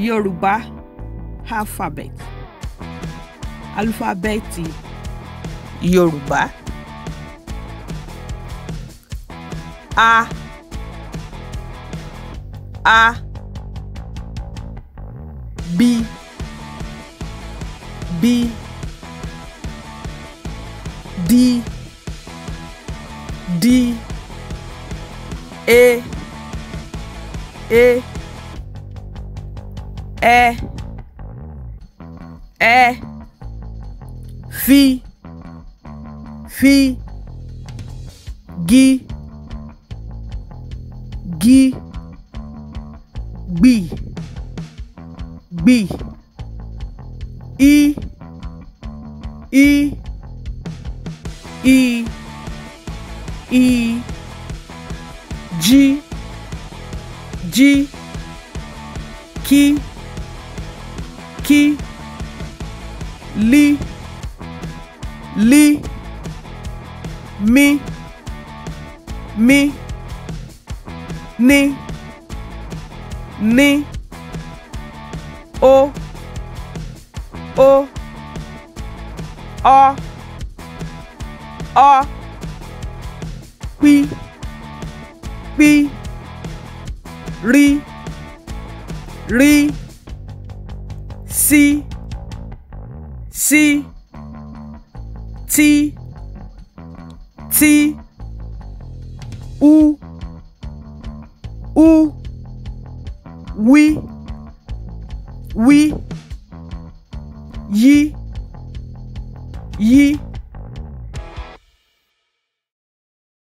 Yorùbá alphabet alufábẹ́ẹ̀tì Yorùbá a a b b d d e e. é é fi fi gui gui bi bi i i i i di di que kí lí lí mí mí ní ní O, O, ọ ọ pí pí rí rí. C, sí T, tí u u We, We, yí.